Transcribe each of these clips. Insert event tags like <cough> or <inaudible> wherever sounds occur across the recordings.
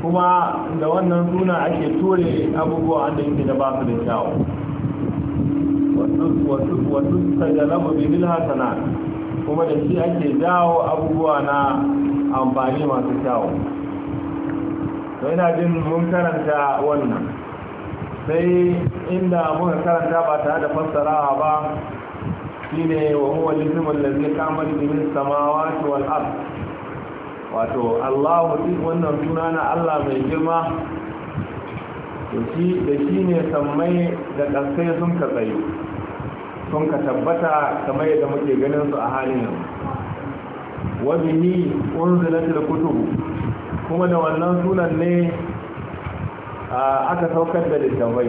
kuma da wannan suna ake ture abubuwa da yake da ba su da kyawu wasu sajalabu bibil hasana kuma da shi ake jawo abubuwa na amfani masu kyawu Sai na jin mun karanta wannan sai inda muka karanta ba tare da fassarawa ba shine wa huwa lismul ladzi qamar bihi samawati wal ardh wato allahu din wannan suna na allah mai girma da shi ne sammai da ƙasai sun ka tsaye sun ka tabbata kamar yadda muke ganin su a halin yanzu wabihi unzilatul kutubu kuma da wannan sunan ne aka saukar da littafai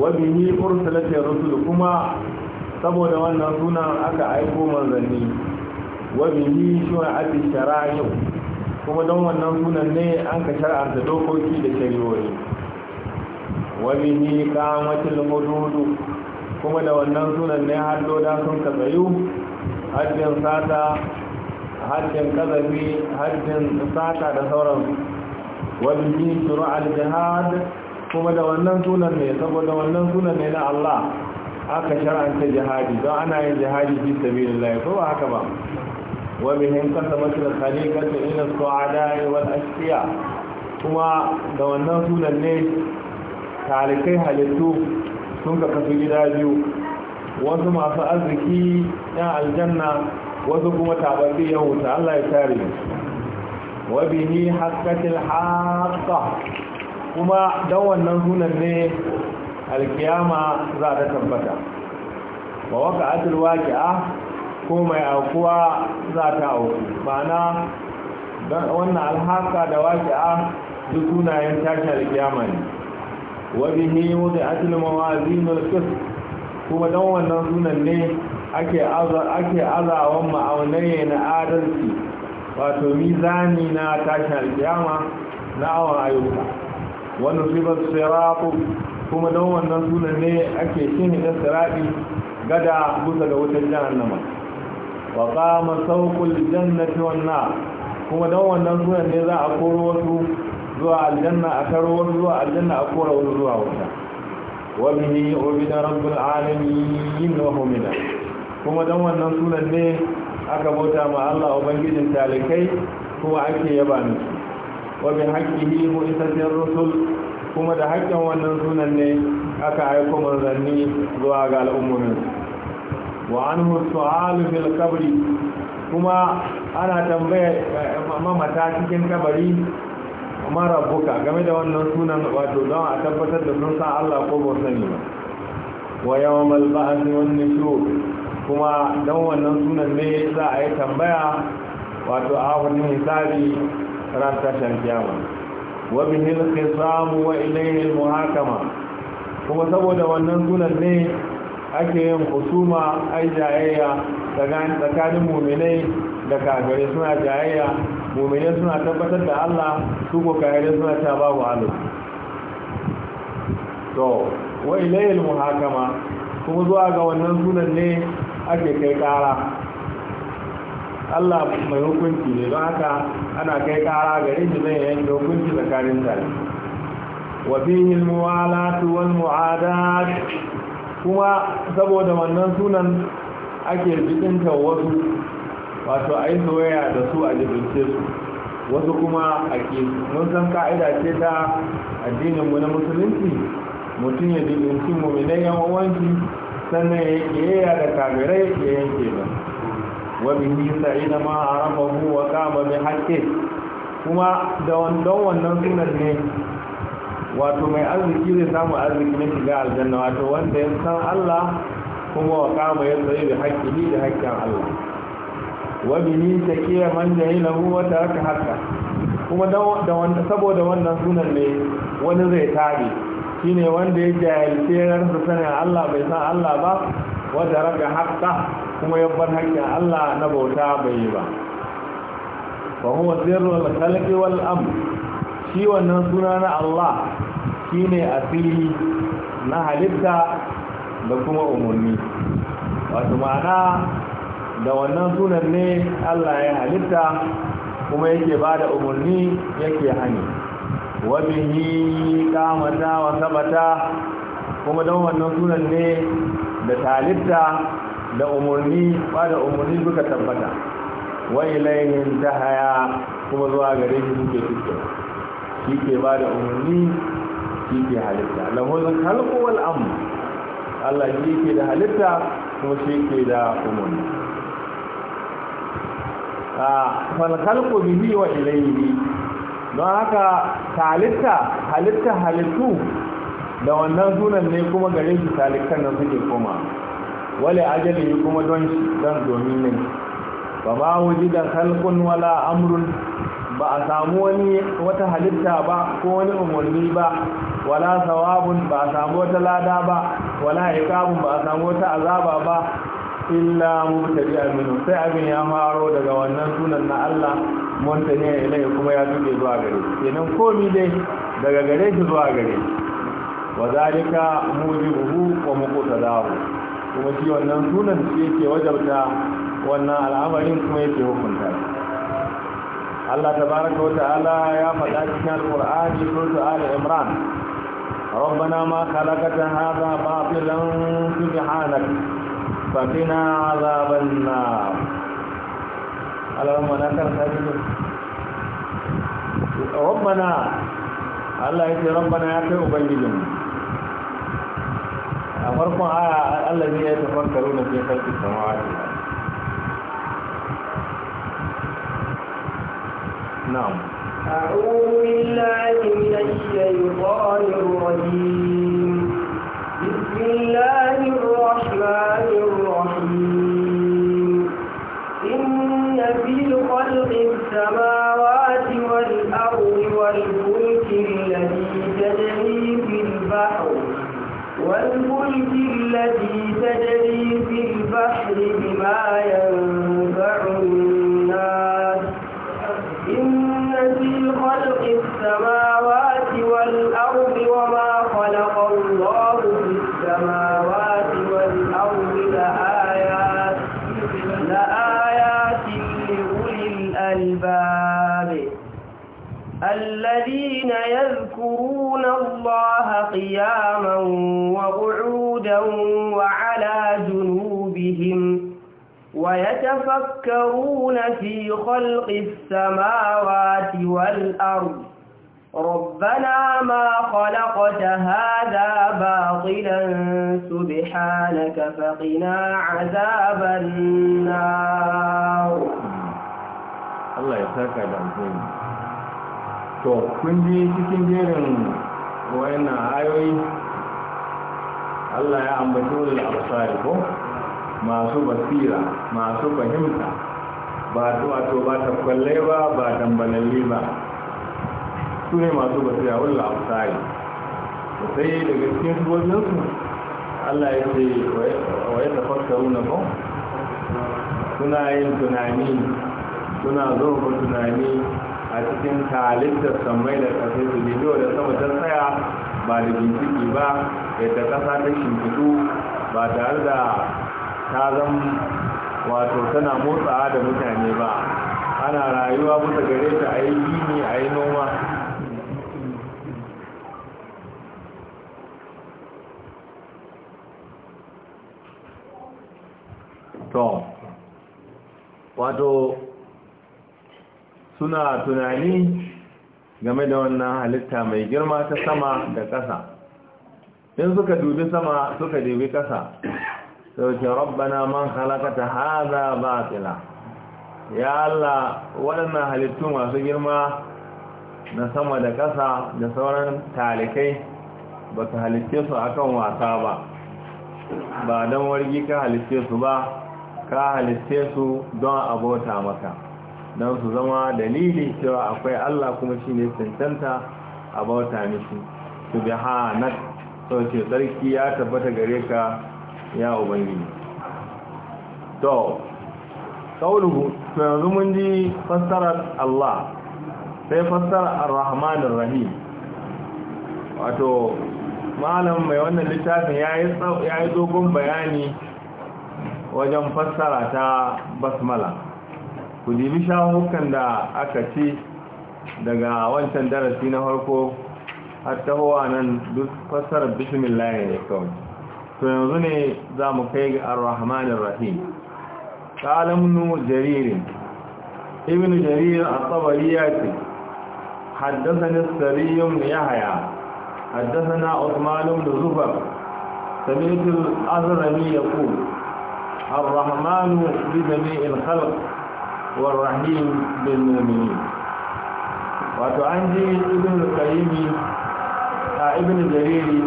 wabihi ursalatul rusul kuma saboda wannan sunan aka aiko manzanni wa bihi shu'abi kuma don wannan sunan ne an ka shar'anta dokoki da shari'o'i Wani bihi qamatul hududu kuma da wannan sunan ne haddoda sun ka tsayu haddin sata haddin kazafi haddin sata da sauransu Wani bihi shuru'al jihad kuma da wannan sunan ne saboda wannan sunan ne na Allah aka shar'anta jihadi don ana yin jihadi fi sabilillah ko ba haka ba وبه انقسمت الخليقة إلى السعداء والأشقياء kuma da wannan sunan ne talikai halittu sun ka kasu gida biyu wasu masu arziki yan aljanna wasu kuma tabbabi yan wuta Allah ya kare wabihi haqqatil haqqa kuma don wannan sunan ne alkiyama za ta tabbata wa waqa'atul a? ko mai aukuwa za ta auku ma'ana wannan alhaka da waƙi'a duk sunayen tashi alƙiyama ne Wani wabihi wani atil zinar qist kuma don wannan sunan ne ake azawan ma'aunai na adalci wato mizani na tashi alƙiyama na awon ayyuka wani sifar siratu kuma don wannan sunan ne ake shi ne gada busa ga wutar namar wa qama sawqul jannati wan nar kuma dan wannan sunan ne za a koro wasu zuwa aljanna a karo wasu zuwa aljanna a koro wasu zuwa wuta wa bihi ubida rabbul alamin wa humida kuma dan wannan sunan ne aka bauta ma Allah ubangijin talikai kuma ake yaba musu wa bi haqqihi mu'isatir rusul kuma da haƙƙin wannan sunan ne aka aiko manzanni zuwa ga al'ummomin wa anhu su'alu fil qabri kuma ana tambaya eh, mamata cikin kabari mara buka game da wannan sunan wato don a tabbatar da sun san Allah ko ba sani ba wa yawmal ba'th wani so kuma don wannan sunan ne za a yi tambaya wato a wani hisabi ran tashan kiyama wa bihil samu wa ilayhi al muhakama kuma saboda wannan sunan ne ake yin husuma ai jayayya tsakanin muminai da kagare suna jayayya muminai suna tabbatar da Allah su ko kagare suna ta wa Allah to wa ilayil muhakama kuma zuwa ga wannan sunan ne ake kai kara Allah mai hukunci ne don haka ana kai kara gare shi zai da hukunci tsakanin tare wa fihi al-muwalatu wal mu'adat kuma saboda wannan sunan ake jikinta wasu wato a yi soyayya da su a jibince su wasu kuma a ke mun san ka'ida ce ta addinin mu na musulunci mutum ya jibinci muminai yan uwanci sannan ya yaya da kabirai ya yanke ba Wani nisa ina ma rafa wa kama mai haqqi kuma da wannan sunan ne wato mai arziki zai samu arziki na shiga aljanna wato wanda ya san Allah kuma wa kama ya tsaye da haƙƙi da haƙƙin Allah wa ta ke man jahilahu yi taraka hakka kuma da wanda saboda wannan sunan ne wani zai shi shine wanda ya jahilce ransa sanin Allah bai san Allah ba Wata raka haƙƙa? kuma ya bar haƙƙin Allah na bauta bai yi ba fa huwa sirrul khalqi wal amr shi wannan suna na Allah shine asiri na halitta da kuma umarni wato ma'ana da wannan sunan ne Allah ya halitta kuma yake ba da umarni yake hani wabihi kamata wa sabata kuma don wannan sunan ne da talitta da umarni ba da umarni duka tabbata wa ta tahaya kuma zuwa gare shi suke suke shi ke ba da umarni shi ke halitta lahul khalqu wal Allah shi ke da halitta kuma shi ke da umarni. a ah, fal khalqu bihi wa ilayhi don haka halitta halitta halittu da wannan sunan ne kuma gare shi talikan da suke koma wale ajali kuma don shi don domin ne ba ma da khalqun wala amrun ba a samu wani wata halitta ba ko wani umarni ba wala sawabun ba a samu wata lada ba wala ikabun ba a samu wata azaba ba illa mubtadi aminu sai abin ya faro daga wannan sunan na Allah muntani ilai kuma ya tuke zuwa gare kenan komi dai daga gare shi zuwa gare wazalika mujibuhu wa muqtadahu kuma shi wannan sunan shi yake wajabta wannan al'amarin kuma yake hukunta Allah tabaraka wa ta'ala ya faɗa cikin Al-Qur'ani suratul Ali Imran ربنا ما خلقت هذا باطلا سبحانك فقنا عذاب النار اللهم نكر ربنا Allah ya ce rabbana ya kai ubangijin a farkon aya Allah ne ya tafarkaru na fi kalfi samawati na'am بسم الله الرحمن يتفكرون في خلق السماوات والأرض ربنا ما خلقت هذا باطلا سبحانك فقنا عذاب النار الله يساك على الزين to kun ji cikin jerin wayannan ayoyi Allah ya ambaci wani al'asari ko masu basira masu fahimta ba wato ba ta kwalle ba ba dambalalli ba su ne masu basira a amsari da sai daga cikin suwajinsu allah ya ce wa ya fasaru na kan suna yin tunani suna zurfa tunani a cikin halittar samai da kasai su bidiyo da sama ta tsaya ba da bincike ba yadda kasa ta shimfidu ba tare da ta zama wato tana motsawa da mutane ba ana rayuwa bisa gare ta a yi gini a yi noma to wato suna tunani game da wannan halitta mai girma ta sama da ƙasa in suka dubi sama suka dubi ƙasa sauke rabbana man halakata haza batila ya Allah waɗannan halittu masu girma na sama da ƙasa da sauran talikai ba ka halitce su akan wasa ba ba don wargi ka halitce su ba ka halitce su don abota maka don su zama dalili cewa akwai Allah kuma shi ne cancanta abota mishi subhanak sauke tsarki ya tabbata gare ka ya ubangiji to kauluhu to yanzu mun ji fassarar Allah sai fassarar ar ar rahim wato malam mai wannan littafin ya yi dogon bayani wajen fassara ta basmala ku jibi shahukan da aka ci daga wancan darasi na farko har tahowa nan duk fassarar bismillah ne kawai to yanzu ne za mu kai ga ar-rahmanir rahim qalamnu jarir ibn jarir at-tabari ya ce haddathana as-sariy ibn yahya haddathana uthman ibn zufar سمعت الأزرمي يقول الرحمن بجميع الخلق والرحيم بالمؤمنين wato an ji ibn al-qayyimi a ibn jariri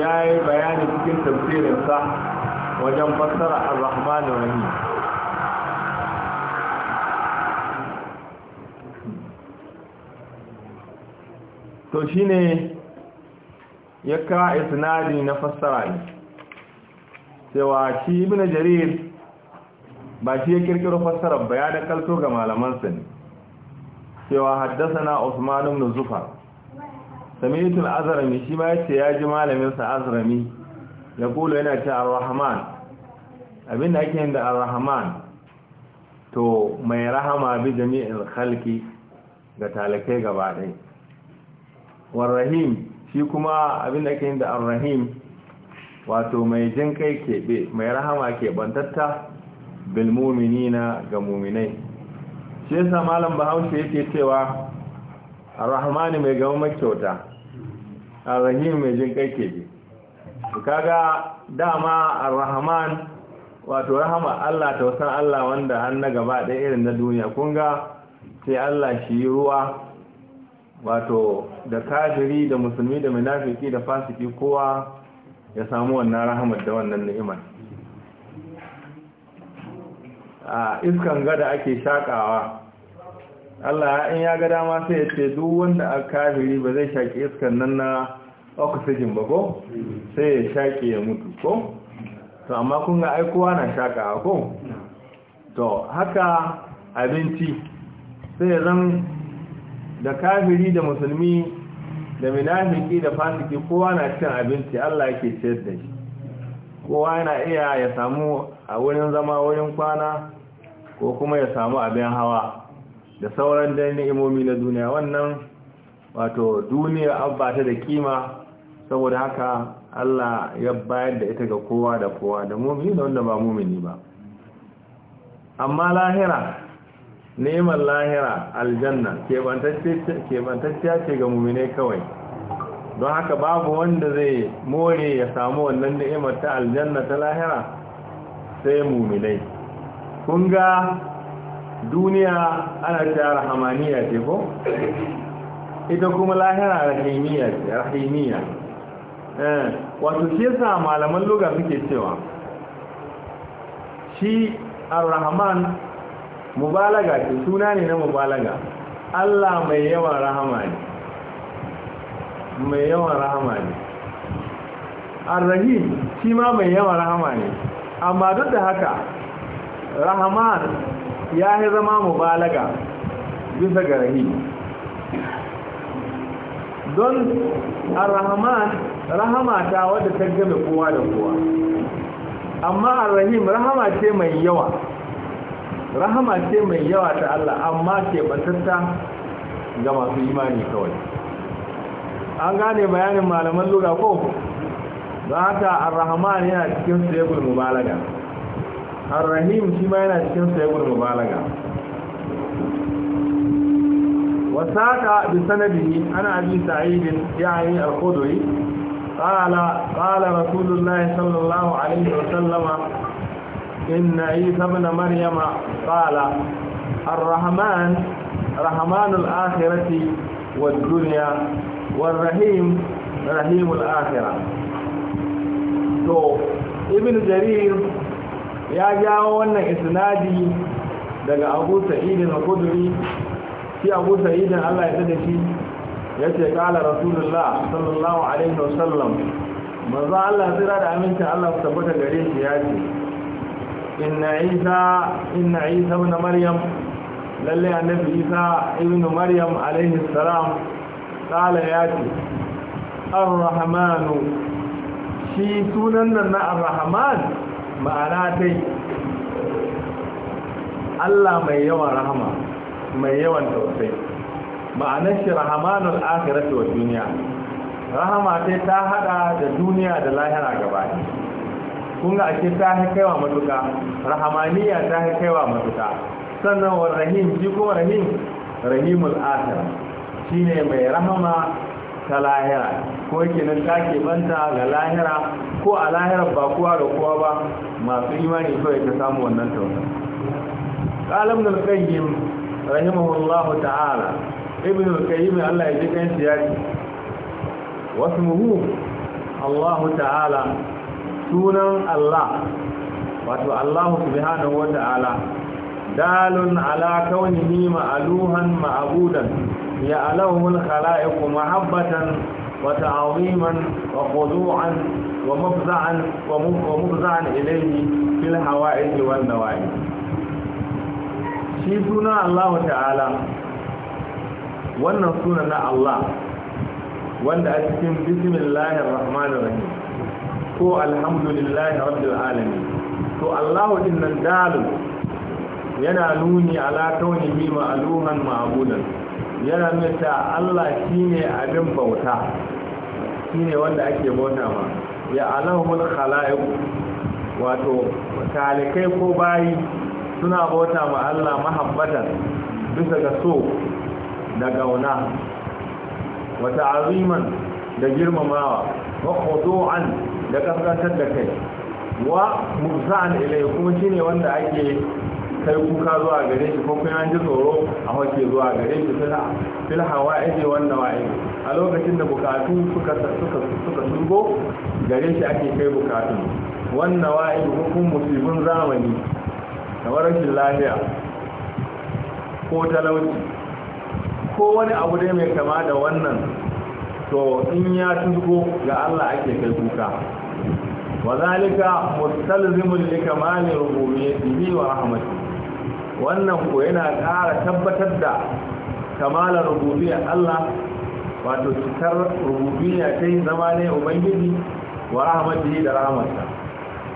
ya yi bayani cikin tafsirinsa wajen fassara a rahman rahim to shi ne ya kawai isnadi na fassara ne cewa shi ibn jarir ba shi ya kirkiro fassara bayanin kalto ga malamansa ne cewa haddasa na osmanu na Zufar samitul azrami shi ma yace ya ji malamin sa azrami ya kula yana ta ar-rahman abinda ake yin da ar-rahman to mai rahama bi jami'il khalqi ga talakai gaba ɗaya warrahim shi kuma abinda ake yin da arrahim, wato mai jin kai keɓe mai rahama keɓantatta bilmuminina ga muminai shi yasa malam bahaushe yake cewa arrahmani mai gama makyauta arrahim mai jin kai ke kaga dama arrahman wato rahama Allah tausan Allah wanda an na gaba ɗaya irin na duniya kunga sai Allah shi yi ruwa wato da kafiri da musulmi da munafiki da fasiki kowa ya samu wannan rahamar da wannan ni'imar a iskan gada ake shakawa Allah in ya ga dama sai ya ce duk wanda a kafiri ba zai shaƙi iskan nan na oxygen ba ko sai ya shaƙi ya mutu ko to amma kun ga aikowa na shaƙa ko to haka abinci sai ya zan da kafiri da musulmi da minafiki da fasiki kowa na cin abinci Allah yake ciyar da shi kowa yana iya ya samu a wurin zama wurin kwana ko kuma ya samu abin hawa da sauran dan ni'imomi na duniya wannan wato duniya abba ta da kima saboda haka Allah ya bayar da ita ga kowa da kowa da mumini da wanda ba mumini ba amma lahira neman lahira aljanna ke bantacce ce ga mumine kawai don haka babu wanda zai more ya samu wannan ni'imar ta aljanna ta lahira sai muminai kun ga duniya ana ta rahamaniya ce ko ita kuma lahira rahimiya ce rahimiya eh, wato shi yasa malaman lugar suke cewa shi ar-rahman mubalaga ce suna ne na mubalaga Allah mai yawan rahama ne mai yawan rahama ne ar-rahim shi ma mai yawan rahama ne amma duk da haka rahman ya yi zama mubalaga bisa ga rahim don arhaman rahama ta wadda ta game kowa da kowa amma arrahim rahama ce mai yawa rahama ce mai yawa ta Allah amma ke batatta ga masu imani kawai an gane bayanin malaman lura ko za ta arhaman yana cikin mu mubalaga ar-rahim shi ma yana cikin sa yabur mubalaga wasaqa bi sanadihi ana abi sa'id ya'ni al-qudri qala qala sallallahu alayhi wa sallam inna isa ibn maryama qala ar-rahman rahman al-akhirati wad-dunya dunya rahim rahim al to ibn jarir ya jawo wannan isnadi daga abu sa'idin na kuduri shi abu sa'idin allah ya tada shi ya ce kala rasulullah sallallahu alaihi wasallam manzo allah tsira da amincin allah su tabbata gare shi ya ce inna isa inna isa ibn maryam lalle annabi isa ibn maryam alaihi salam kala ya ce ar-rahmanu shi sunan nan na ar-rahman ma'ana tai Allah mai yawan rahama mai yawan tausayi ma'anar shi rahamanul akhirati wa duniya rahama tai ta hada da duniya da lahira gaba kun ga ake ta kaiwa matuka rahamaniya ta kaiwa matuka sannan wa rahim shi kuma rahim rahimul akhirah shine mai rahama ta lahira ko kenan ta banta ga lahira ko a lahira ba kowa da kowa ba masu imani kawai ta samu wannan tausa ƙalam da alƙayyim rahimahullahu ta'ala ibn alƙayyim allah ya ji kan siyasi wasu muhu allahu ta'ala sunan allah wato allah subhanahu wa ta'ala dalun ala kaunihi ma'aluhan ma'abudan يعلوه الخلائق محبة وتعظيما وخضوعا ومفزعا ومفزعا إليه في الحوائج والنوائج shi suna Allah ta'ala wannan suna na Allah wanda a cikin bismillahir rahmanir rahim ko alhamdulillahi rabbil alamin to Allah din nan dalu yana nuni ala kaunihi ma'luhan ma'budan yana nuna Allah shine abin bauta shine wanda ake bauta ma ya alahumul khala'iq wato talikai ko bayi suna bauta ma Allah mahabbata bisa ga so da gauna wa ta'aziman da girmamawa wa khudu'an da kasantar da kai wa musa'an ilai kuma shine wanda ake kai kuka zuwa gare shi ko kuma an ji tsoro a hake zuwa gare shi fil fil hawaiji wanda wa'i a lokacin da bukatu suka suka suka gare shi ake kai bukatun wanda wa'i hukum musibin zamani kamar rashin lafiya ko talauci ko wani abu dai mai kama da wannan to in ya turgo ga Allah ake kai kuka wa zalika mustalzimul likamali rububiyyatihi wa rahmatihi wannan ko yana ƙara tabbatar da kamalar rububiyar Allah wato cikar rububiyya ta yi zama ne ubangiji wa rahmatihi da rahmatsa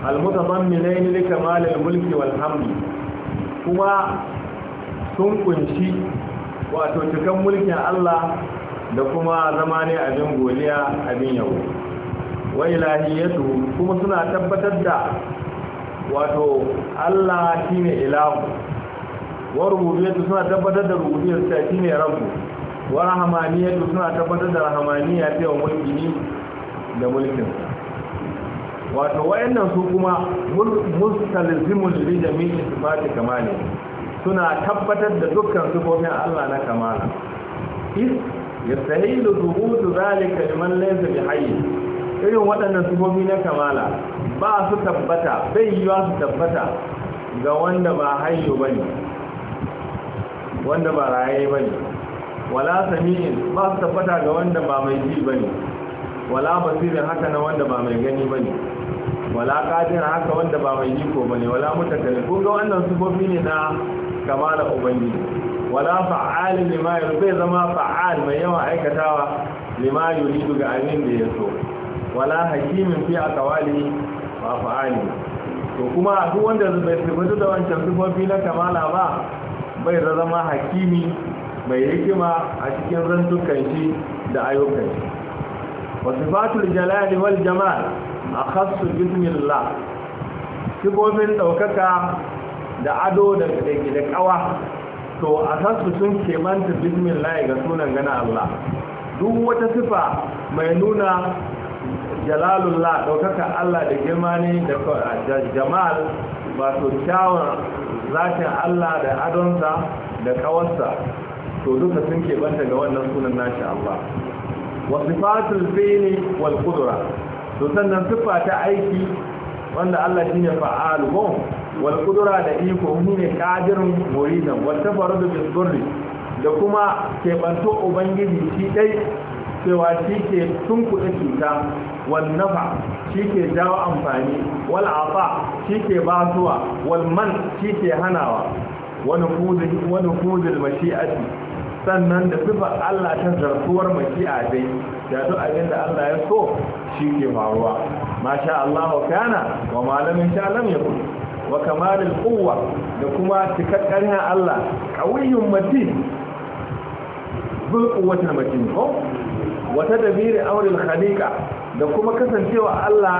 almutasamminain li kamalil mulki wal hamdi kuma sun kunshi wato cikan mulkin Allah da kuma zama ne abin godiya abin yau wa ilahiyatu kuma suna tabbatar da wato Allah shine ilahu wa rububiyatu suna tabbatar da rububiyar ta shine rabbu wa rahmaniyatu suna tabbatar da rahmaniya ta wa mulki da mulkin wato wayannan su kuma mustalzimul li jami'i sifati kamali suna tabbatar da dukkan sifofin Allah na kamala is yastahilu thubutu zalika liman laysa bihayy irin waɗannan sifofi na kamala ba su tabbata bai yiwa su tabbata ga wanda ba hayyo bane wanda ba raye ba ne wala sami'in ba su tabbata ga wanda ba mai ji ba ne wala basirin haka na wanda ba mai gani ba ne wala ƙajin haka wanda ba mai iko ba ne wala mutakalin ko ga wannan sufofi ne na kamala ubangi wala fa'alin lima yuri bai zama fa'al mai yawan aikatawa lima yuri ga abin da ya so wala hakimin fi akawali ba fa'ali to kuma duk wanda bai sifatu da wancan sufofi na kamala ba bai da zama hakimi mai hikima a cikin rantukan shi da ayyukan shi wasu fatul jalali wal jamal a khassu bismillah sibobin ɗaukaka da ado da kawa to a sassu sun kemanta bismillah ga sunan gana Allah duk wata sifa mai nuna jalalullah ɗaukaka Allah da girma ne da jamal wato kyawun zafin Allah da adonsa da kawarsa to duka sun keɓanta ga wannan sunan nashi Allah wasu fatul fili wal kudura to sannan siffa ta aiki wanda Allah shi ne fa'alu wal kudura da iko shi ne ƙadirin muridan wata faru da da kuma keɓanto ubangiji shi ɗai cewa shi ke tun cuta wal shi ke jawo amfani walafa shi ke basuwa wal man shi ke hanawa wani kuzin wani kuzin sannan da sifar Allah ta zartuwar mashi'a dai da duk abin da Allah ya so shi ke faruwa masha Allah kana wa malamin sha ya yakun wa kamalul kowa da kuma cikakkanin Allah qawiyyun mati, bil mati, ko wa tadbir amrul khaliqa da kuma kasancewa Allah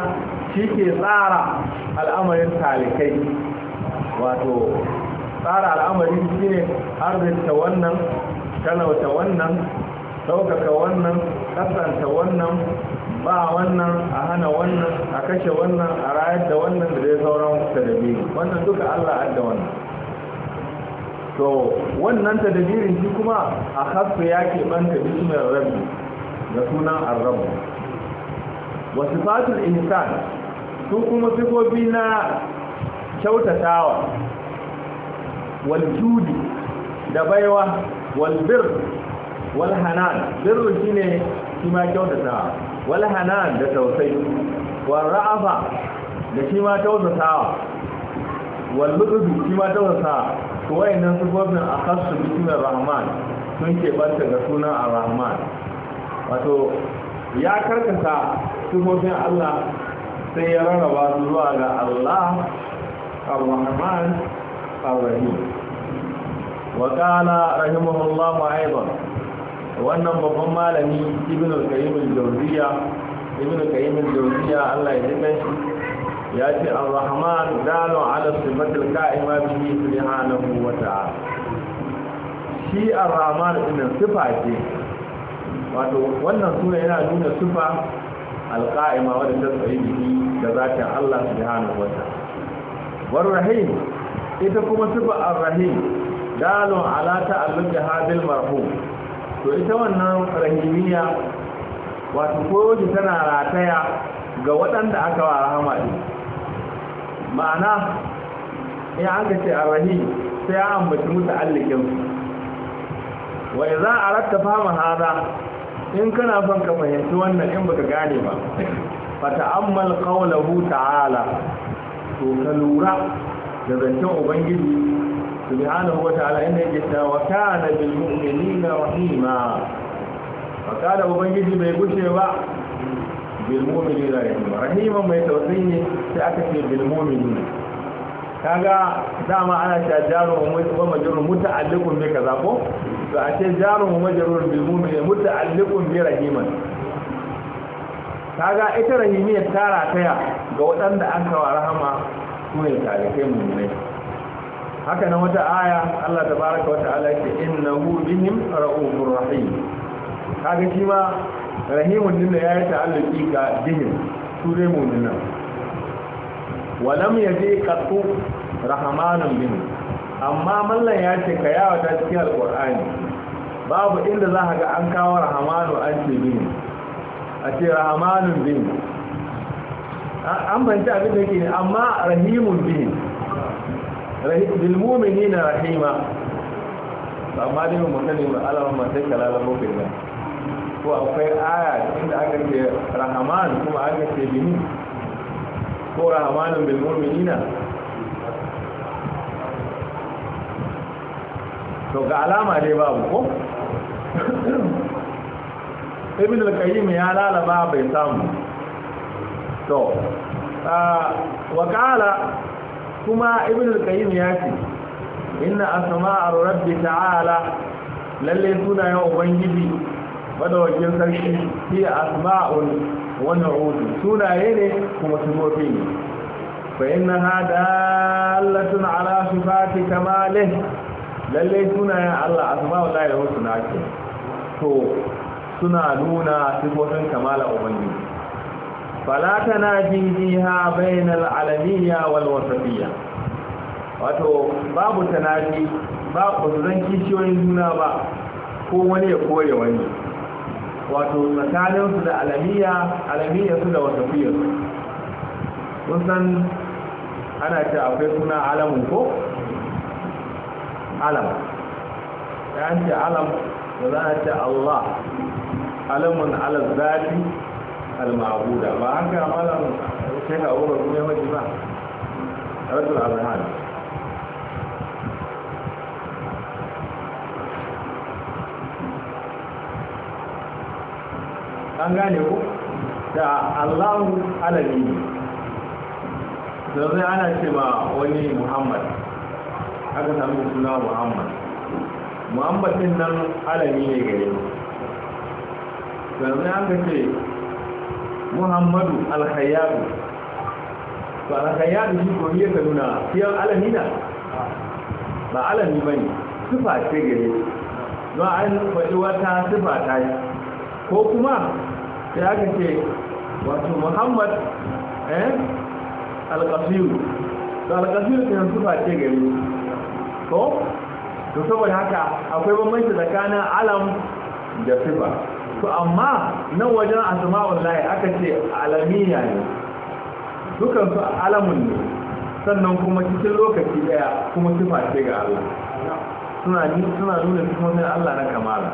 shi ke tsara al'amarin talikai wato tsara al'amarin shi ne arzinta wannan talauta wannan ɗaukaka wannan kasanta wannan ba wannan a hana wannan a kashe wannan a rayar da wannan da dai sauran tadabi wannan duka Allah adda wannan to wannan tadabirin shi kuma a hasu ya ke ɓanta bismiyar rabbi da sunan arrabu wasu fatul insan su kuma sifofi na kyautatawa waljudi da baiwa walbir walhanan birru shi ne shi ma kyautatawa walhanan da tausayi Walra'afa da shi ma kyautatawa wallududu shi ma kyautatawa to wayannan sifofin a kasu bismillahir rahman sun ke banta ga sunan a rahman wato ya karkata sifofin Allah sai ya rarraba zuwa ga Allah ar-Rahman ar-Rahim wa qala rahimahullahu aidan wannan babban malami Ibn al-Qayyim al-Jawziyya Ibn al-Qayyim al-Jawziyya Allah ya dinga shi ya ce ar-Rahman dalu ala sifatil qa'ima bihi subhanahu wa ta'ala shi ar-Rahman din sifa ce wato wannan suna yana nuna sufa alƙa'ima wadda ta tsaye jiki da zakin Allah subhanahu wata war rahim ita kuma sufa ar-rahim dalon alata ta'alluq hadil marhum to ita wannan rahimiya wato koyoji tana rataya ga waɗanda aka wa rahama din ma'ana in aka ce al rahim sai an ambaci mutu allikin wa idza aratta fama hada in kana son ka fahimci wannan in baka gane ba ta'ammal qawluhu ta'ala to ka lura da zancen ubangiji subhanahu wa ta'ala inda yake wa kana bil mu'minina rahima fa kana ubangiji bai gushe ba bil mu'minina rahima rahima mai tausayi ne sai aka ce bil mu'minina kaga dama ana cewa mu wa majrur muta'alliqun bi kaza ko to a ce jaruhu majarurun bil mu'min muta'alliqun bi rahiman kaga ita rahimiyar tara taya ga waɗanda an kawo rahama su ne talibai mu'minai haka nan wata aya Allah tabaraka wa ta'ala ce innahu bihim ra'ufur rahim kaga shi ma rahimun din da yayi ta'alluki ga bihim su dai mu'minan walam yaji qatu rahmanun bihim amma mallan ya ce ka yawa ta cikin alkur'ani babu inda za ka ga an kawo rahamanu an ce bini a ce rahamanun bini an banci abin da ke ne amma rahimun bini ne na rahima amma dai mun mutane mai alaman masai kalalar mafi nan ko akwai aya inda aka ce rahamanu kuma aka ce bini ko rahamanun bilmuminina to ga alama dai babu ko ibn al-qayyim ya lalaba bai samu to wakala kuma ibn al-qayyim ya ce inna asma'ar rabbi ta'ala lalle sunayen ubangiji wajen sarki fi asma'un wa nu'ud sunaye ne kuma sifofi ne fa inna hada allatun ala sifati kamalih lallai sunayen Allah a lahi wa suna ce to suna nuna sifofin kamala ubangiji falata na biha bainal alamiyya wal wato babu tanaji ba ku zan kishiyoyin juna ba ko wani ya kore wani wato tsakaninsu da alamiya alamiya su da wasafiyar sun san ana ce akwai suna alamun ko علم أنت علم ذات الله علم على الذات المعبودة وعنك علم شيخ أبو بكر يوم الجماعة رجل على an gane ku da allahu الله da zai ana ولي محمد aka samu suna muhammad muhammad din nan alami ne gare mu sannan aka ce muhammadu alhayyadu to alhayyadu shi ko ne ka nuna fiyan alami na ba alami ba ne sufa ce gare don an faɗi wata sufa ta yi ko kuma sai aka ce wato muhammad eh alkasiru to alkasiru ta sufa ce gare ko to saboda haka akwai bambanci tsakanin alam da sifa to amma nan wajen asma'ul lahi aka ce alamiya ne dukan su alamun ne sannan kuma cikin lokaci daya kuma sifa ce ga Allah suna suna nuna sifofin Allah na kamala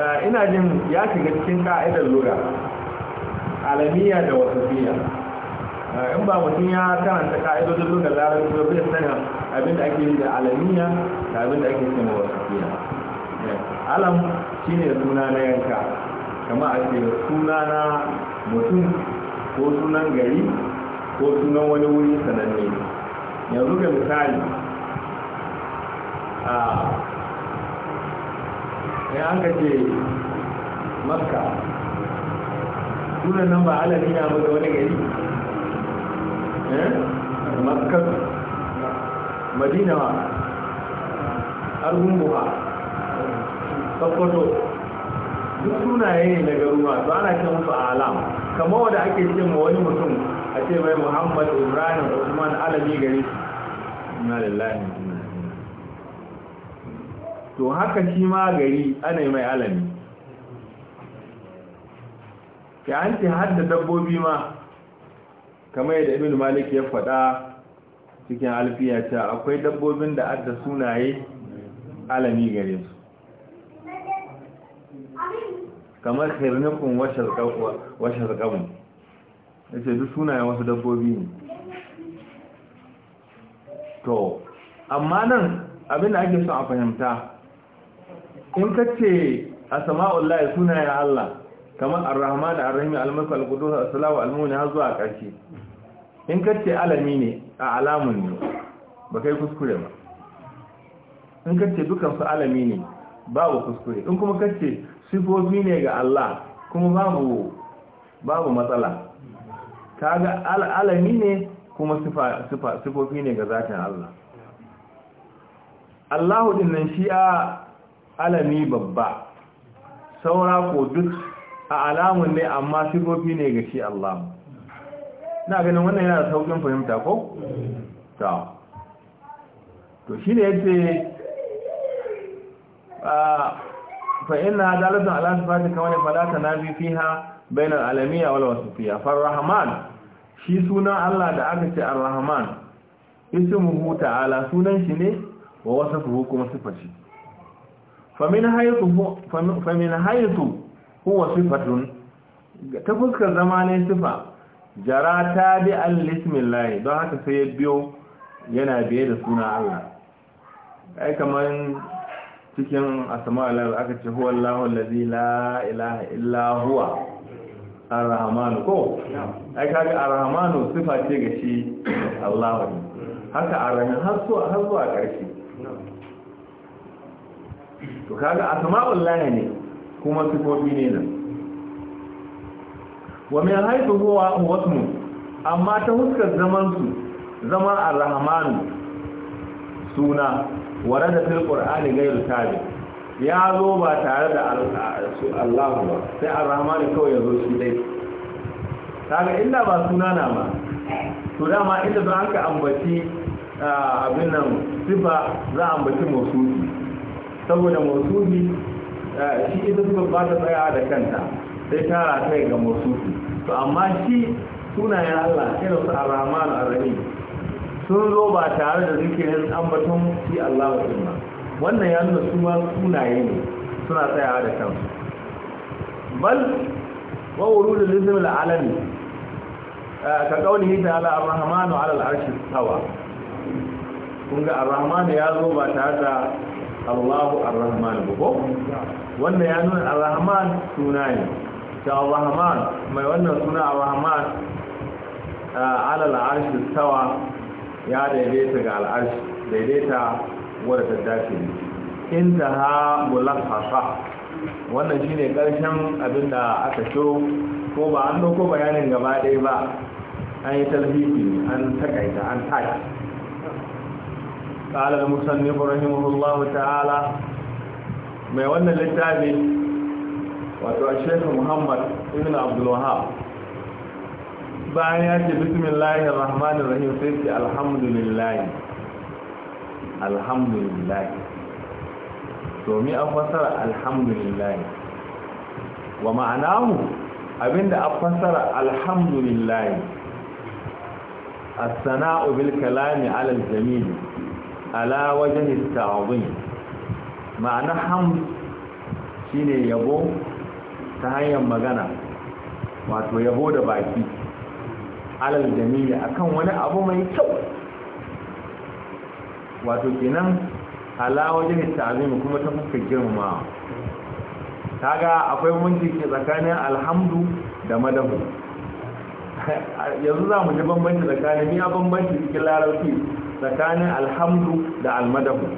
eh, ina jin ya shiga cikin ka'idar lura alamiya da wasafiya in ba mutum ya karanta ka'idodin lokacin larabci ba zai sanya abinda ake yi da alamiya da abinda ake yi da wasiya alam shine suna na yanka kama a ce suna na mutum ko sunan gari ko sunan wani wuri sananne yanzu ga misali a ya an kace maka sunan nan ba alamiya ba da wani gari Makar, madina wa argunguwa duk sunaye ne na garuwa to ana ce musu alam kama wanda ake ce ma wani mutum a ce mai muhammad ibrahim usman alami gari na lillahi to haka shi ma gari ana mai alami ka an ce hadda dabbobi ma kamar yadda ibn malik ya faɗa cikin alfiya ta akwai dabbobin da adda sunaye alami gare su kamar hirnukun washe zakamun ya ce duk sunayen wasu dabbobi ne to amma nan abin da ake son a fahimta in ka ce a sama'ullahi sunayen allah kamar ar-rahman ar-rahim al-malik al-qudus as-salam al-mu'min har zuwa ƙarshe in kace alami ne a alamun ne ba kai kuskure ba in kace dukan su alami ne babu kuskure in kuma kace sifofi ne ga Allah kuma babu matsala. matsala kaga alami ne kuma sifa sifa sifofi ne ga zatin Allah Allahu din nan shi a alami babba saura ko duk a alamun ne amma sifofi ne ga shi Allah na ganin wannan yana da saukin fahimta ko? ta to shi ne yadda fa'in na hadalatun alasifati ne falata na bi fiha bainar alamiya wal wasufiya farrahman shi sunan Allah da aka ce arrahman hu ta'ala sunan shi ne wa wasafuhu kuma sifashi famin haitu huwa sifatun ta fuskar zama ne sifa jara ta bi al-ismillahi don haka sai ya biyo yana biye da suna Allah ai kamar cikin asma Allah aka ce huwa Allahu allazi la ilaha illa huwa ar ko ai kaga ar sifa ce ga shi Allah haka ar har zuwa har zuwa ƙarshe to kaga asma'ullahi ne kuma sifofi ne nan wa min haythu huwa wasmu amma ta huskar zaman su zama ar-rahman suna warada fil qur'ani ghayr tabi ya zo ba tare da Allah ba sai ar-rahman kawai ya zo shi dai kaga illa ba suna na ba to dama inda za ka ambaci abin nan sifa za a ambaci mausufi saboda mausufi shi ita suka ba ta tsaya da kanta sai ta rataye ga masufi to amma shi sunayen Allah irin su ar-rahman ar-rahim sun zo ba tare da zikirin ambaton shi Allah wa sunna wannan ya nuna su ma sunaye ne suna tsayawa da kansu bal wa eh, da lizim al'alami al-alami ka kaulihi ta'ala ar-rahmanu 'ala al-arshi tawa kun ga ar-rahman ya zo ba tare da Allahu Ar-Rahman ko wannan ya nuna Ar-Rahman suna ta ar mai wannan suna Ar-Rahman ala al-arsh tawa ya daidaita ga al-arsh daidaita wurin ta dace ha mulakhafa wannan shine karshen da aka so ko ba an dauko bayanin gaba ɗaya ba an yi talhifi an takaita an taki قال المصنف رحمه الله تعالى mai wannan littafi wato a muhammad ibn abdulwahab bayan ya ce bismillahir rahmanir rahim sai alhamdulillahi alhamdulillahi domin an fasara alhamdulillahi wa abinda a fasara alhamdulillahi as-sana'u bil kalami 'ala al-jamil ala wajen ista'azim ma'ana ham shine yabo ta hanyar magana wato yabo da baki alal jamili akan wani abu mai kyau wato kenan ala wajen ista'azim kuma ta fuska girma kaga akwai munci ke tsakanin alhamdu da madahu <laughs> yanzu za mu ji bambanci tsakanin ni a bambanci cikin larabci tsakanin alhamdu da almadahu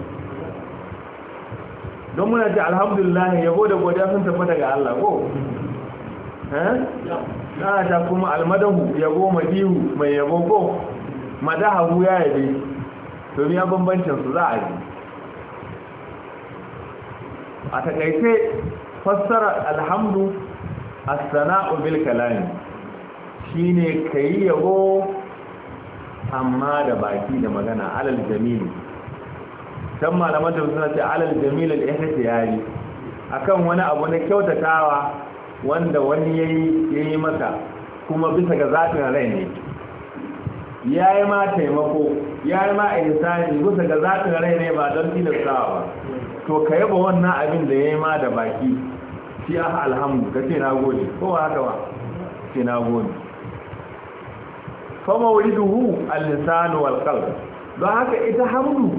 don muna ce alhamdulillah yabo da godiya sun tafi daga Allah ko na eh? ta kuma almadahu yabo madihu mai yabo ko madahu ya yabe domin ya bambancin su za a yi a takaice fassara alhamdu as-sana'u bil ne shine kai yabo amma da baki da magana alal Jamilu. can malaman da suna ce alal Jamilu da ya akan wani abu na kyautatawa wanda wani yayi yi maka kuma bisa ga zatin rai ne ya ma taimako ya yi ma insani bisa ga zatin rai ne ba don tilastawa ba to ka yaba wannan abin da yayi ma da baki shi alhamdu ka ce na gode ko haka ba ce na gode famawriduhu al-lisan wal qalb don haka ita hamdu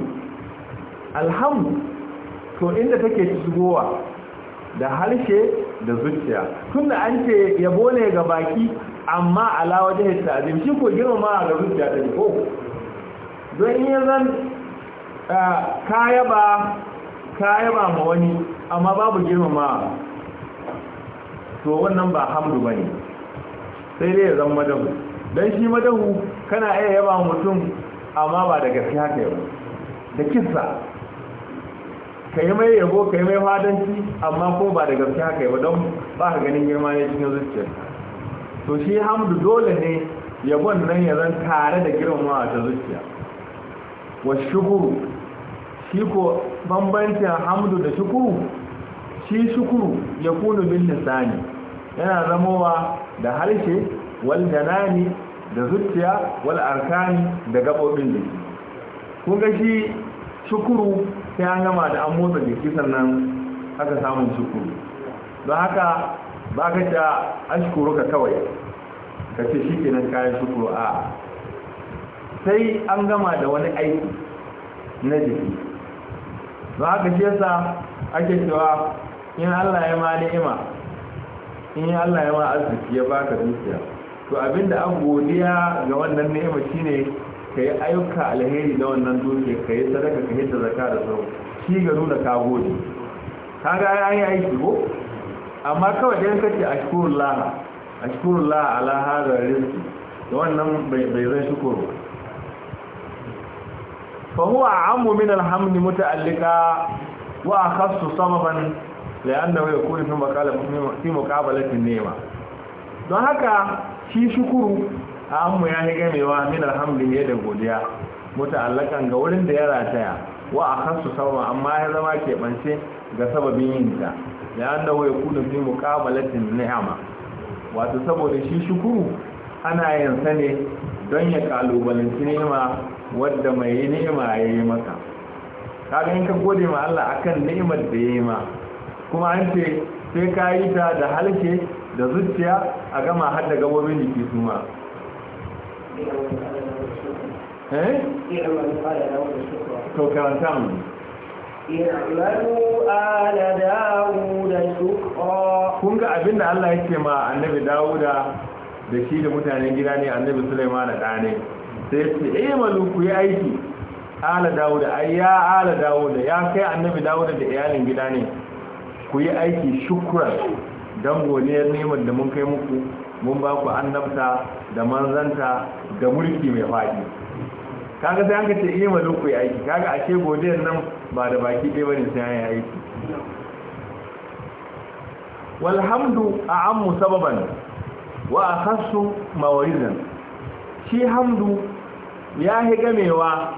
alhamdu to inda take shigowa da harshe da zuciya tunda an ce yabo ne ga baki amma ala wajhi ta'zim shi ko girmama ga zuciya ta ko don in yanzu kayaba ma wani amma babu girmama to wannan ba hamdu bane sai dai zan zama madabu don shi madahu kana iya yaba mutum amma ba da gaske haka yau da kisa ka yi mai yabo ka yi mai fadanci amma ko ba da gaske haka yau don ba ka ganin girma ne cikin zuciya to shi hamdu dole ne yabon nan ya zan tare da girma ta zuciya wa shukuru shi ko bambancin hamdu da shukuru shi shukuru ya kunu bin lisani yana zamowa da harshe wal janani da zuciya wal arkani da gabobin jiki kun ga shi shukuru sai an gama da an motsa jiki sannan aka samun shukuru don haka ba ka ta ashkuru ka kawai ka ce shi kenan kayan shukuru a sai an gama da wani aiki na jiki don haka shi yasa ake cewa in allah ya ma ni'ima in allah ya ma arziki ya baka zuciya? to abinda an godiya ga wannan shi shine ka yi ayyuka alheri na wannan dukiya ka yi sadaka ka hidda zaka da sauran shi ga nuna ka gode ka ga ya yi aiki ko amma kawai da yanka ce ashkurullah ashkurullah ala hadha rizki da wannan bai zai zan shukuru fa huwa ammu min alhamdi muta'allika wa akhassu da la'annahu yakunu fi maqala fi muqabalati ni'ma don haka shi shukuru a amma ya yi gamewa min alhamdin ya da godiya muta'allakan ga wurin da ya rataya wa a kansu sauwa amma ya zama keɓance ga sababin yin ta da an da waya kuna fi muƙamalatin ni'ama wato saboda shi shukuru ana yin sa ne don ya kalubalanci ni'ima wadda mai yi ni'ima ya yi maka kaga in ka gode ma Allah akan ni'imar da ya yi ma kuma an ce sai ka yi ta da halke da zuciya a gama har da gabobin jiki su ma eh? to karanta mu kun ga abinda Allah yake ma annabi dawuda da shi da mutanen gida ne annabi Sulaiman da dane sai yace i'malu eh, ku yi aiki ala dawuda ai ya ala dawuda ya kai annabi dawuda da iyalin gida ne ku yi aiki shukran don godiyar neman da mun kai muku mun ba ku annabta da manzanta da mulki mai faɗi kaga sai an ka ce iya maluku ya aiki kaga ashe godiyar nan ba da baki ɗaya ba ne sai ya aiki walhamdu a ammu sababan wa a kassu shi hamdu ya gamewa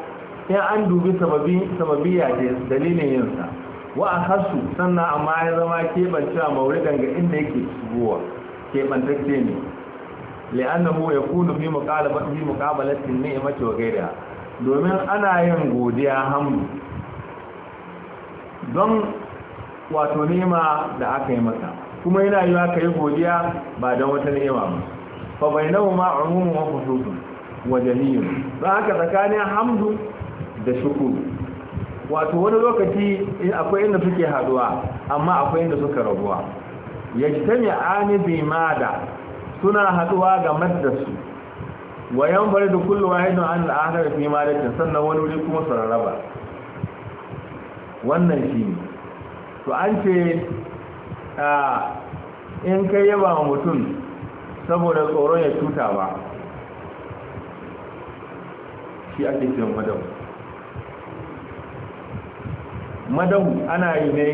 in an dubi sababiya ce dalilin yinsa wa a hasu sannan amma ya zama keɓancewa, a ga inda yake shigowa keɓantacce ne li'annahu ya kunu fi muqalabatin fi ya mace wa gaida. domin ana yin godiya hamdu don wato nema da aka yi masa kuma yana yi aka yi godiya ba don wata nema ba fa bai nawa ma umumu wa khususun wa jaliyun don haka tsakanin hamdu da shukuru wato wani lokaci eh, akwai inda suke haduwa amma akwai inda suka rabuwa ya ji ani anibi mada suna haduwa ga maddasu wayan bari da kullum wa an al'adar fi madatin sannan wani wuri kuma su raba. wannan shi ne to an ce in kai yaba mutum saboda tsoron ya cuta ba shi ake cin madawar madahu ana yi ne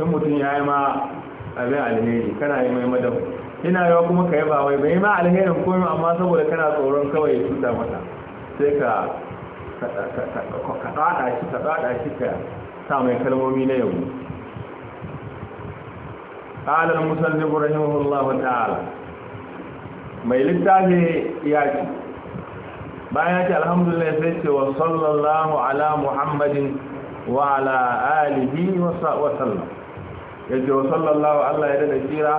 in mutum ya yi ma abin alheri kana yi mai madahu ina yawa kuma ka yi ba wai bai ma alherin komai amma saboda kana tsoron kawai ya cuta mata sai ka kaɗaɗa shi kaɗaɗa shi ka sa mai kalmomi na yau قال المسلم رحمه الله تعالى mai littafi ya ci. bayan ya ce alhamdulillah sai ce wa sallallahu ala muhammadin وعلى آله وسلم يجو صلى الله الله يدد كيرا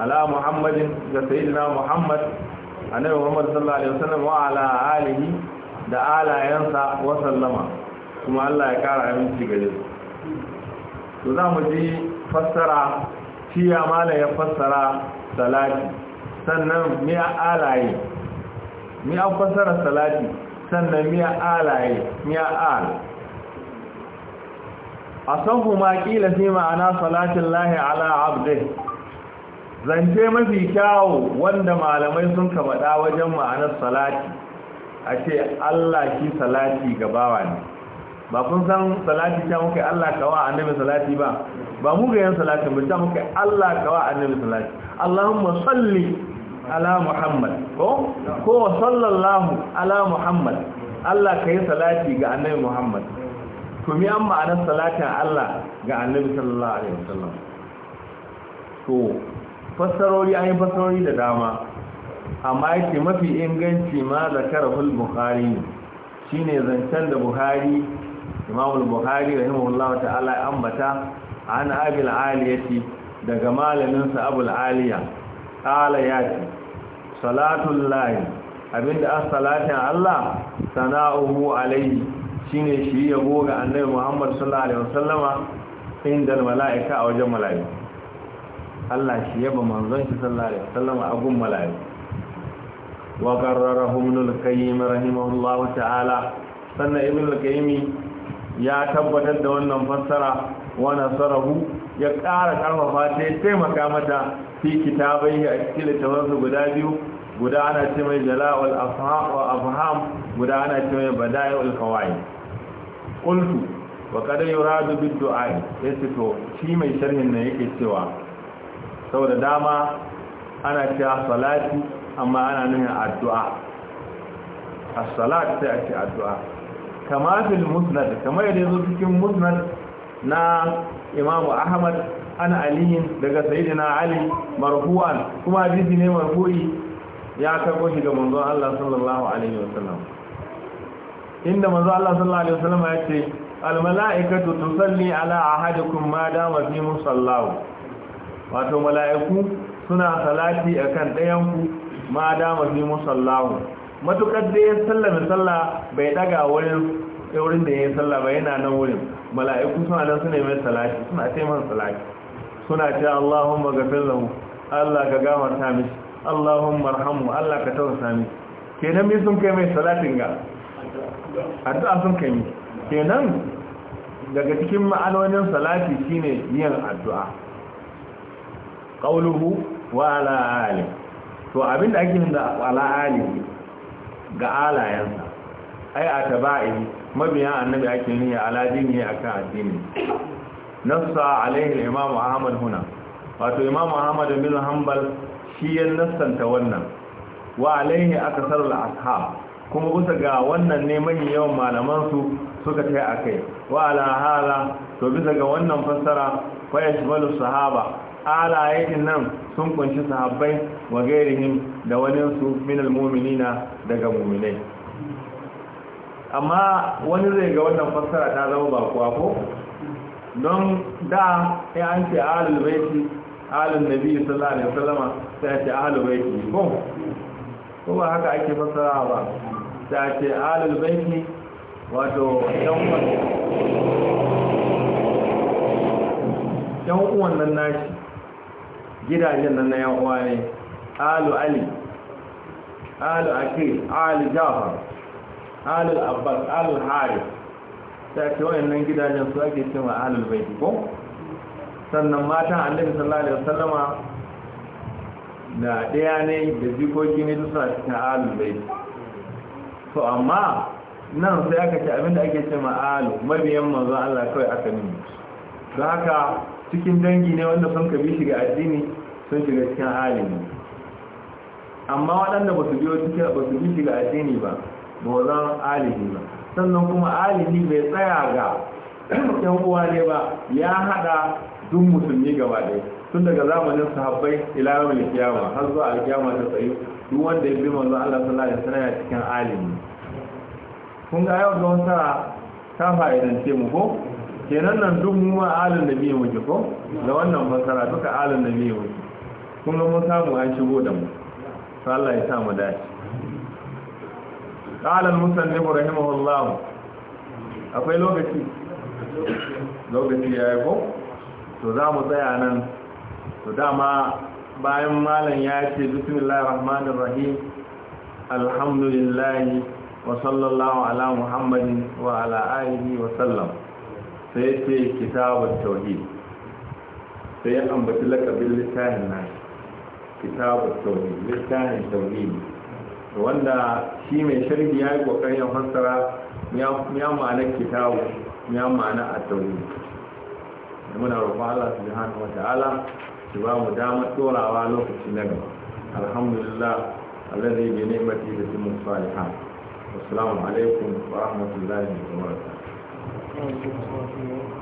على محمد سيدنا محمد النبي محمد صلى الله عليه وسلم وعلى آله da alayensa wa sallama kuma Allah ya kara aminci gare su to za mu ji fassara ciya mala ya fassara salati sannan miya alaye miya fassara salati sannan miya alaye miya alaye asahu ma qila fi ma'ana salatin lahi ala abdi zance mafi kyawu wanda malamai sun kamada wajen ma'anar salati a ce Allah shi salati ga bawa ne ba kun san salati ta muka Allah kawa annabi salati ba ba mu ga yan salati ba ta muka Allah kawa annabi salati Allahumma salli ala Muhammad ko ko sallallahu ala Muhammad Allah kai salati ga annabi Muhammad to mi an ma'anar salatin Allah ga annabi sallallahu alaihi wasallam to fassarori an yi fassarori da dama amma yake mafi inganci ma zakarahul bukhari shine zancen da buhari imamu da bukhari rahimahullahu ta'ala ya ambata an abil aliyati daga malamin sa abul aliya qala yati salatul lahi abinda as-salatin Allah sana'uhu alayhi shine shi ya ga annabi Muhammad sallallahu alaihi wasallama inda mala'ika a wajen mala'iku Allah shi yaba manzon shi sallallahu alaihi wasallama a gun mala'iku wa qarrarahu ibn al-qayyim rahimahullahu ta'ala sannan ibn al-qayyim ya tabbatar da wannan fassara wa nasarahu ya ƙara karfafa ta ya taimaka mata fi kitabai a cikin littafansu guda biyu guda ana ce mai jala'ul afham guda ana ce mai bada'il fawaid kuntu wa qad yuradu bid du'a yace to shi mai sharhin ne yake cewa saboda dama ana cewa salati amma ana nuna addu'a as salati sai ake addu'a kama fil musnad kama yadda yazo cikin musnad na imamu ahmad ana aliyin daga Saidina ali marfu'an kuma hadisi ne marfu'i ya karbo shi ga manzon Allah sallallahu alaihi wasallam inda manzo Allah sallallahu alaihi wasallam ya ce al mala'ikatu tusalli ala ahadikum ma dama fi musallahu wato mala'iku suna salati akan ɗayan ku ma dama fi musallahu matukar da ya sallama salla bai daga wurin wurin da ya salla ba yana nan wurin mala'iku suna nan suna mai salati suna ce man salati suna ce Allahumma ghafir lahu Allah ka gafarta mishi Allahumma arhamu Allah ka tausasa mishi kenan me sun kai mai salatin ga addu'a sun kan yi kenan daga cikin ma'anonin salati shine yin addu'a qauluhu wa ala ali to abinda ake nuna da ala ali ga alayansa ai a taba'i mabiya annabi ake nuna ya ala dini akan addini nassa alaihi imam ahmad huna wato imam ahmad bin hanbal shi ya nassanta wannan wa alaihi akasarul ashab kuma bisa ga wannan ne yawan malaman su suka kai a kai wa ala to bisa ga wannan fassara fa yashmalu sahaba alayatin nan sun kunshi sahabbai wa gairihin da wani su min almu'minina daga mu'minai amma wani zai ga wannan fassara ta zama ba kuwa ko don da ya an ce ahlul baiti ahlun nabi sallallahu alaihi wasallama sai ya ce ahlul baiti ko ko ba haka ake fassara ba da ce alul baiti wato yan uwan nan nashi gidajen nan na yan uwa ne alu ali alu akil alu jafar alu abbas alu hari ta ce nan gidajen su ake cewa alul baiti ko sannan matan annabi sallallahu alaihi wasallama da ɗaya ne da jikoki ne su suna cikin alul baiti to amma nan sai aka ce abinda ake ce ma'alu mabiyan manzo Allah kawai aka nuna don haka cikin dangi ne wanda sun kabi shiga addini sun shiga cikin alimi amma waɗanda ba su biyo cikin ba su bi shiga addini ba ba alimi ba sannan kuma alimi bai tsaya ga yan uwa ne ba ya haɗa duk musulmi gaba ɗaya tun daga zamanin sahabbai ila yau kiyama har zuwa alkiyama ta tsayu duk wanda ya bi manzo Allah sallallahu alaihi wasallam cikin alimi kun ga yau don sa ta fa'idance mu ko kenan nan duk mu ma alim da biye muke ko da wannan fasara duka alim da biye muke kun ga mun samu an shigo da mu to Allah ya sa mu dace qala al-musannif rahimahullah akwai lokaci lokaci yayi ko to za mu tsaya nan to dama bayan malam ya ce bismillahir rahmanir rahim alhamdulillah wa sallallahu ala muhammadin wa ala alihi wa sallam sai ce kitabut tauhid sai ya ambaci lakabin littafin nan kitabut tauhid littafin tauhid wanda shi mai sharhi ya yi kokarin fassara ya ma'ana kitabu ya ma'ana at-tauhid muna roƙon Allah subhanahu wa ta'ala ki ba mu damar dorawa lokaci na gaba alhamdulillah alladhi bi ni'mati da timu salihan assalamu alaikum wa rahmatullahi wa barakatuh